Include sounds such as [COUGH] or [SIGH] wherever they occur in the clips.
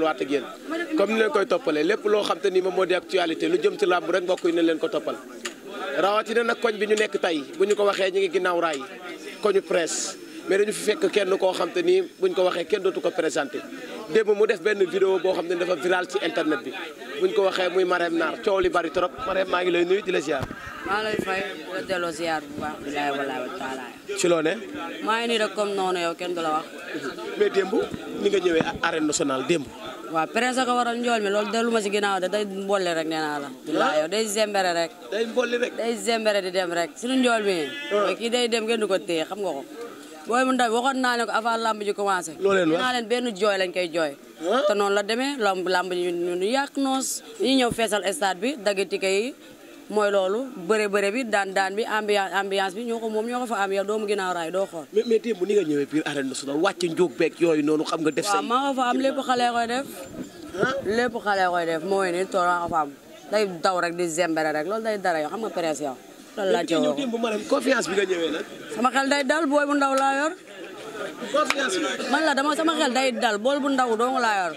toppaluwaat ak yéen comme ni leen koy toppalee lépp loo xam te ni moom moo di actualité lu jëm ci làmb rek mbokk yi ne leen ko toppal na nag koñ bi ñu nekk tey bu ñu ko waxee ñu ngi ginnaaw raay koñu presse mais dañu fi fekk kenn koo xam te ni buñ ko waxee kenn dootu ko présenté démb mu def benn vidéo boo xam ne dafa viral ci internet bi buñ ko waxee muy Marème Naar coow li bari trop Marème maa ngi la ziar. maa la delloo ziar bu baax bilaay ci loo ne. maa ngi nii rek comme noonu yow kenn du la [LAUGHS] mais démb ni nga ñëwee arène national démb. waaw presse ko waral njool mi loolu dellu ma si ginnaaw de day mbolli rek nee naa la. waaw ah? yow day zembere rek. day mbolli zembere di dem rek suñu njool mi. waaw ah. kii day dem ngeen di ko téye xam nga ko. booy mu ndaw waxoon naa ne ko avant lamb ji commencé. loo leen wax naa benn jooy lañ koy jooy. Ah? te noonu la demee lamb lamb ji ñu yàq noos. ñu ñëw feesal stade bi dagg ticket mooy loolu bëre bëre bi daan daan bi ambiance bi ñoo ko moom ñoo ko fa am yow doomu ginnaaw raay doo xool. mais mais tey bu ni nga ñëwee biir arène nationale wàcc njóog xam nga. def say waaw maa nga fa am lépp xale koy def. lépp xale koy def mooy ni tool nga fa day daw rek di zembere rek loolu day dara yow xam nga presse yow. loolu laa cawoo mais bu bi nga ñëwee nag. sama xel day bu ndaw laa yor. confiance man la dama sama xel day dal bool bu ndaw dong laa yor.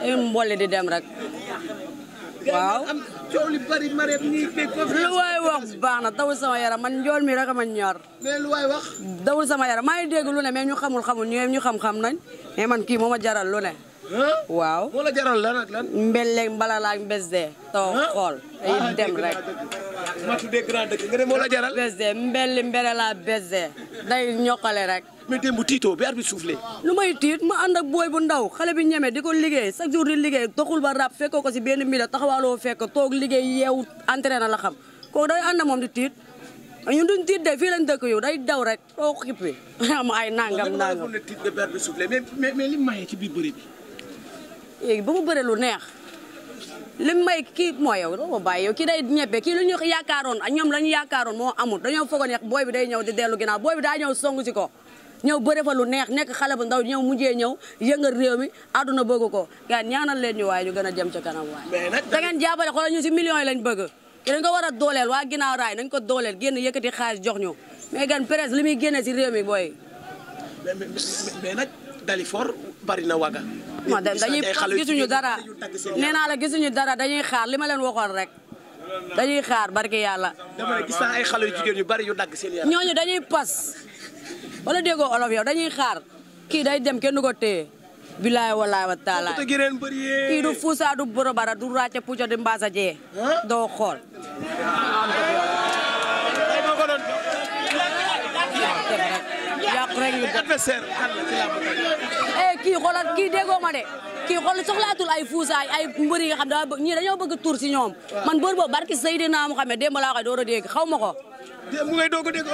ay mbolli di dem rek. waaw coow li bari Marième nii kay lu waay wax baax na dawul sama yaram man njool mi rek a ma ñor. wax. dawul sama yaram maa ngi dégg lu ne mais ñu xamul xamul ñoom ñu xam-xam nañ mais man kii moo ma jaral lu ne. waaw moo la jaral lan mbala laag mbes dee. too xool ay ah, dem rek. ma tuddee grand dëkk nga ne moo la jaral. besde mbelli mbere laa besde day ñokkale rek. mais bu tiitoo bi suuf soufflé. lu may tiit ma ànd ak booy bu ndaw xale bi ñeme di ko liggéey chaque jour di liggéey doxul ba rab fekkoo ko si benn mbir taxawaaloo fekk toog liggéey yeewu entraîné la xam kooku day ànd moom di tiit. ñun duñ tiit de fii lañ dëkk yow day daw rek soo ko xippee [LAUGHS] am ay nangam nangam. waaw dama la tiit bi soufflé mais mais mais li mu maye ci bi. léegi ba mu bëre lu neex. li may kii mooy yow doo ko bàyyi yow kii day ñebe kii lu ñu yaakaaroon a ñoom lañu ñu yaakaaroon moo amul dañoo foogoon booy bi day ñëw di dellu ginnaaw booy bi daa ñëw song si ko ñëw bëre fa lu neex nekk xale bu ndaw ñëw mujjee ñëw yëngal réew mi àdduna bëgg ko gaan ñaanal leen ñu waaye ñu gën a jëm ca kanam waaye da ngeen jàppale xoolal ñu si millions yi lañ bëgg dañ ko war a dooleel waa ginnaaw raay nañ ko dooleel génn yëkkati xaalis jox ñu mais gan presse li muy génne si réew mi booy mais nag Dalifort bari na waga ma dem dañuy gisuñu dara nee naa la gisuñu dara dañuy xaar li ma leen waxoon rek dañuy xaar barki yàlla. dama gis yu jigéen yu bari yu dagg seen ñooñu dañuy pas wala déggoo olof yow dañuy xaar kii day dem kenn du ko téye. bilaay walaay wa kii du fuusa du borobara du ràcce pucca di mbaasa jee doo xool adversaire eh, kii xoolal kii déggoo ma de kii xool soxlaatul ay fuusaay ay mbëri nga xam daa bëgg ñii dañoo bëgg tur si ñoom man bër boobu barki Seydina Muhammad démb laa koy door a dégg xaw ma ko démb ngay doog a dégg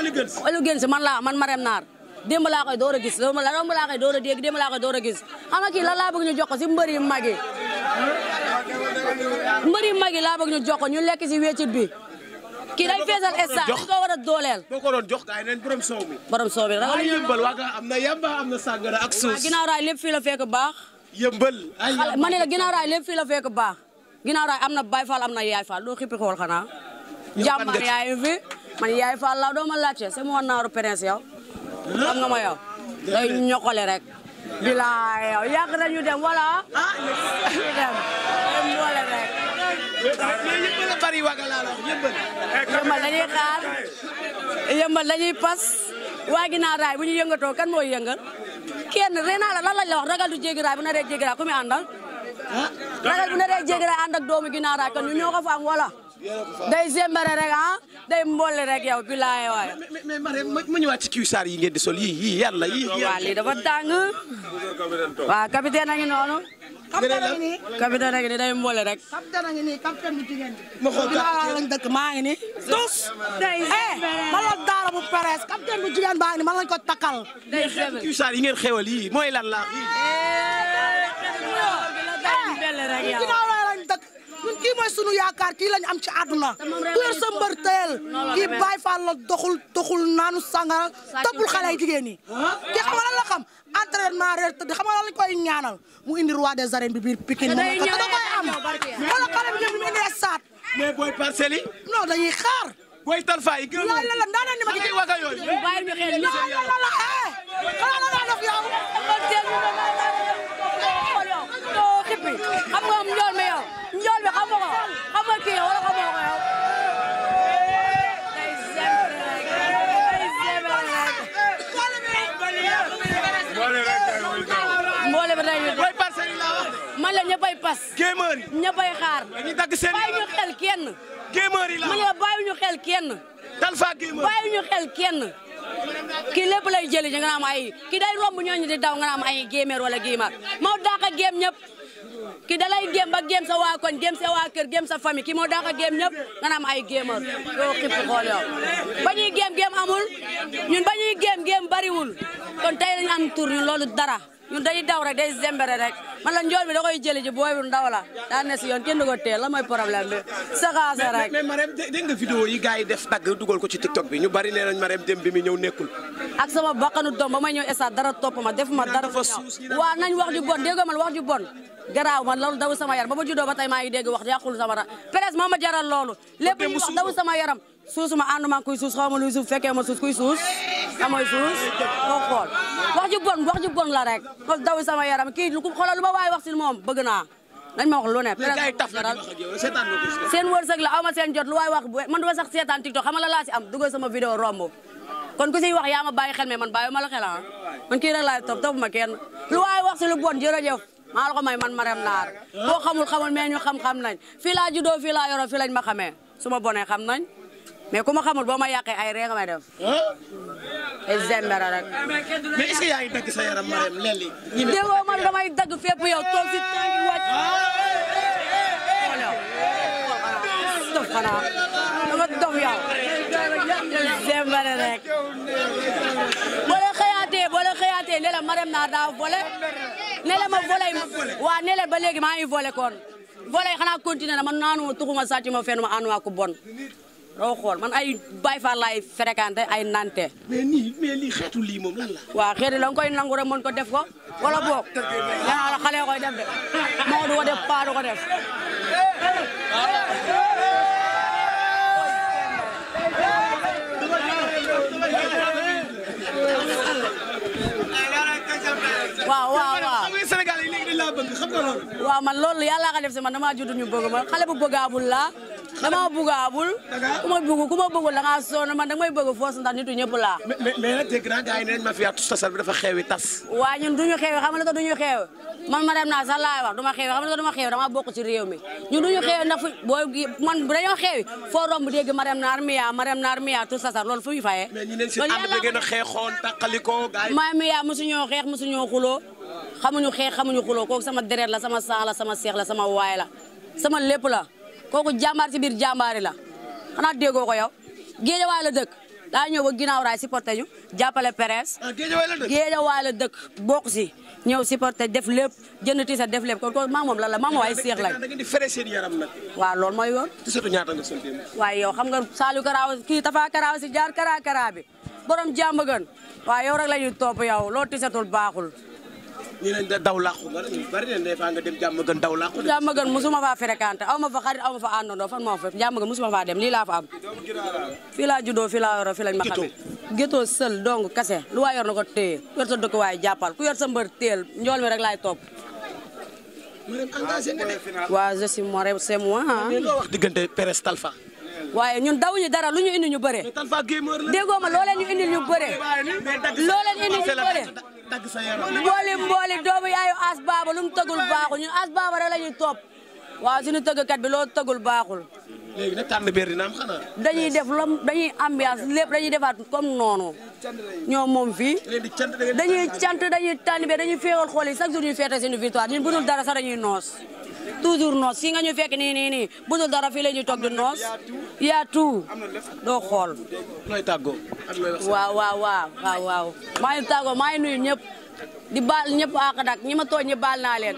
Oligans man laa man Marème Naar démb laa koy door gis loolu la romb laa door a dégg door gis xam nga kii lan laa bëgg ñu jox ko si mbëri mag yi mbëri mag yi laa bëgg ñu jox ko ñu lekk si bi kii day feesal instant dañ ko a dooleel. boo ko doon jox gars yi nañ borom soow mi. borom soow mi da waa am am na sàngara ak suus. ginnaaw raay lépp fii la baax. yëmbal ay ma ne la ginnaaw raay lépp fii la baax. ginnaaw raay am na Baay Faal am na Yaay Faal doo xippi xool xanaa. jàmbaar yaay fi man Yaay Faal laa doo ma laajte c'est mon naaru prince yow. xam nga ma yow. day ñokkale rek. bilaay yow yàgg nañu dem voilà. ah dem mais yëmbal a bari waga dañuy xaar yëmbal dañuy pas waa ginnaaw raay bu ñu yëngatoo kan mooy yëngal kenn renaa la lan wax ragal du jéggi raay bu naree jéggi raay ku muy àndal. Ah. ragal bu naree jéggi raay ànd doomu ginnaaw kan ñu ñoo ko fa am wala. day zembare rek ah day mboole rek yaw bilaay waay. mais mais ma ma ñëwaat ci kiwisaar yi ngeen di sol yii yii yàlla yii. dafa tàng. waa capitaine ngi noonu. xam dana ngi nii capitaine ngi nii day mboole rek. xam dana ngi nii capitaine bu jigéen bi. ma xool lañ dëkk maa ngi nii. tos day eh, man la daara bu peres capitaine bu jigéen baa ngi nii man lañ ko takkal. day xew yi ngeen xewal yi mooy lan la. Eh, eh, ñun kii mooy sunu yaakaar kii lañ am ci àdduna ku yor sa mbër teel kii Baay Faal la doxul doxul naanu sàngara toppul xale yi jigéen ñi ah. kii xam lan la xam entraînement reer tëdd xam nga lan lañ koy ñaanal mu indi roi des arènes bi biir Pikine moom kat da koy am wala xale bi ñoom ñu indi saat mais booy parcelles yi la la ndaana ni ma ci waga yooyu bàyyi ñu xel la la la eh xala la def yow xam nga am njool mi yow njool mi xam nga ko xam nga kii wala lañu def. way parcelle yi laa man la ñëppay pas. gémeur yi xaar. dañuy ñu xel kenn. gémeur yi laa la bàyyi ñu xel kenn. talfa gémeur bàyyi ñu xel kenn. nga naam ay kii day romb ñooñu ay géeméer wala géemaat moo dàq a géem ñëpp ki da géem ba géem sa waa koñ géem sa waa kër géem sa famille kii moo dàq a géem ñëpp nga naam ay géeméer yoo xipp xool yow ba géem géem amul ñun ba géem géem bariwul kon tey lañu am tur ñun loolu dara ñun day daw rek day zembere rek man la njool mi da koy jëli ji booy bu ndaw la daa kenn du ko teel la mooy problème bi saxaase rek. mais mais yi gars yi def dagg dugal ko ci ti TikTok bi ñu bari nee nañ Marème dem bi mi ñëw nekkul. ak sama bakkanu doom ba may ñëw estaat dara topp ma def ma dara fu ñaaw waaw nañ wax ju bon wax ju bon. garaaw man loolu daw sama yaram ba ma juddoo ba tey maa ngi dégg wax yàqul sama ra presse moo ma jaral loolu lépp ñu wax daw sama yaram suusuma ànduma kuy suus xaw ma luy suus fekkee ma suus kuy suus amooy suus koo xool wax ju bon wax ju bon la rek xool daw sama yaram kii lu ko xoolal lu ma waay wax si moom bëgg naa dañ ma wax lu ne seen wërsëg la aw ma seen jot lu waay wax man du ma sax seetaan TikTok xam la laa si am dugal sama vidéo romb kon ku siy wax yaa ma bàyyi xel mais man bàyyi ma la xel ah man kii rek laay topp topp ma kenn lu waay wax si lu bon jërëjëf maa la ko may man Marème Nar boo xamul xamul mais ñu xam-xam nañ fii laa doo fii laa yoroo fii lañ ma xamee ma bonee xam nañ mais ku ma xamul boo ma yàqee ay ree nga may def. ay zembera rek. mais est-ce que dagg sa yaram Marème léeg-léeg. ñu ne dagg fépp toog si tànk yi wàcc. dof ah. xanaa dama dof naa daa volé. ne la ma volé waaw ne la ba léegi maa ngi volé kon. volé xanaa na man naanu ma tuxuma sàcc ma fenn ma ànduwaat ku bon. doo xool man ay Baye Fall laay fréquenté ay nante mais nii mais lii xeetu lii moom lan la. waaw xeetu la nga koy nangu rek mën ko def ko wala boog. nee naa la xale def de moo du ko def man loolu yàlla ka def si man damaa judd ñu bëgg ma xale bu bëggaabul laa. dama bugg abul ku ma bugg ku ma bëggul da ngaa sonn man da may bëgg foos ndax nitu ñëpp laa mais mais nag dégg naa gars ma fi yaatu tasal bi dafa xeewi tas waa ñun duñu xeewi xam nga ko duñu xeewi man ma dem naa sax laay wax duma xeewi xam nga ko duma xeewi dama bokk ci réew mi ñun duñu xeewi ndax fu booy man dañoo xeewi foo romb dégg ma dem naar miyaa ma dem naar miyaa tout tasal loolu fu ñu fayee mais ñi neen si ànd da ngeen a xeexoon tàqalikoo gars yi ma miyaa mosuñoo xeex mosuñoo xamuñu xeex xamuñu sama deret la sama sang sama seex la sama waay la sama lépp la kooku jàmbaar si biir jàmbaari la xanaa déggoo ko yow géejawaay la dëkk daa ñëw ba ginnaaw raay supporté ñu jàppale presse. Ah, géejawaay la dëkk bokk si ñëw supporté def lépp jënd ti sa def lépp kon kooku moom lan la maa moom ay seex lañ. waaw loolu mooy yoon. waaye yow xam nga Saliou Karaw kii Tafa Karaw si jaar Kara Kara bi borom jàmbagan waaw yow rek la ñuy topp yow loolu tisatul baaxul. ñu ne daw làqu nga bari ne des fois nga gën daw làqu jàmm gën fa xarit aw fa àndandoo fan moo fa jàmm gën musuma faa dem lii fa am fii laa juddoo fii laa yoroo fii lañ ma xamee sël dong kase lu waay yor na ko téye yor sa dëkk waaye jàppal ku yor sa mbër téel njool mi rek laay topp waaw je suis moi c'est moi wax diggante Peres Talfa waaye ñun daw ñu dara lu ñu indi ñu bëree déggoo ma loo leen ñu indil ñu bëree loo leen indil ñu bëree mbooli mbooli doomu yaayu as lu mu tëggul baaxul ñun as baaba lañu la ñuy topp waaw suñu tëggkat bi loolu tëggul baaxul léegi nag tànn beer dina am xanaa dañuy def lom dañuy ambiance lépp dañuy defaat comme noonu ñoo moom fii dañuy cant dañuy tànn beer dañuy féewal xool yi chaque jour ñuy feete suñu victoire ñun bu dul dara sax dañuy noos toujours noos si nga ñu fekk ni nii nii bu dul dara fii la ñuy toog di noos yaa tout doo xool. nooy tàggoo. waaw waaw waaw waaw maa ngi tàggoo maa ngi nuyu ñëpp di baal ñëpp àq nag ñi ma tooñ ñi baal naa leen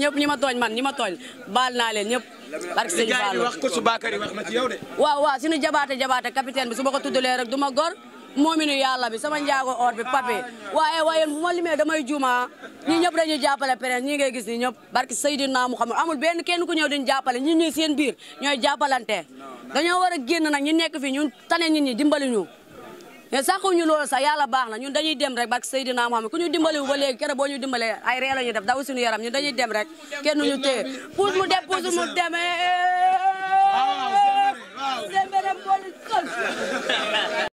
ñëpp ñi ma tooñ man ñi ma tooñ baal naa leen ñëpp. barke sëñ Fallou wax ko yow waaw waaw suñu jabaate jabaate capitaine bi su ma ko tuddalee du ma gor. moominu yàlla bi sama njaago or bi papi waaye waaye bu ma limee damay juuma ah. ñi ñëpp dañuy jàppale Prince ñi ngay gis ni ñëpp barki Seydina Muhammad amul benn kenn ku ñëw diñu jàppale ñi ñuy biir ñooy jàppalante dañoo war a génn nag ñu nekk fii ñun tane ñi ñi dimbali ñu mais sàqu ñu loolu sax yàlla baax na ñun dañuy dem rek barki Seydina Muhammad ku ñu dimbali wu ba léegi kere boo ñu dimbalee ay reelo ñu def daw suñu yaram ñun dañuy dem rek kenn ñu téye puus mu dem puus mu demee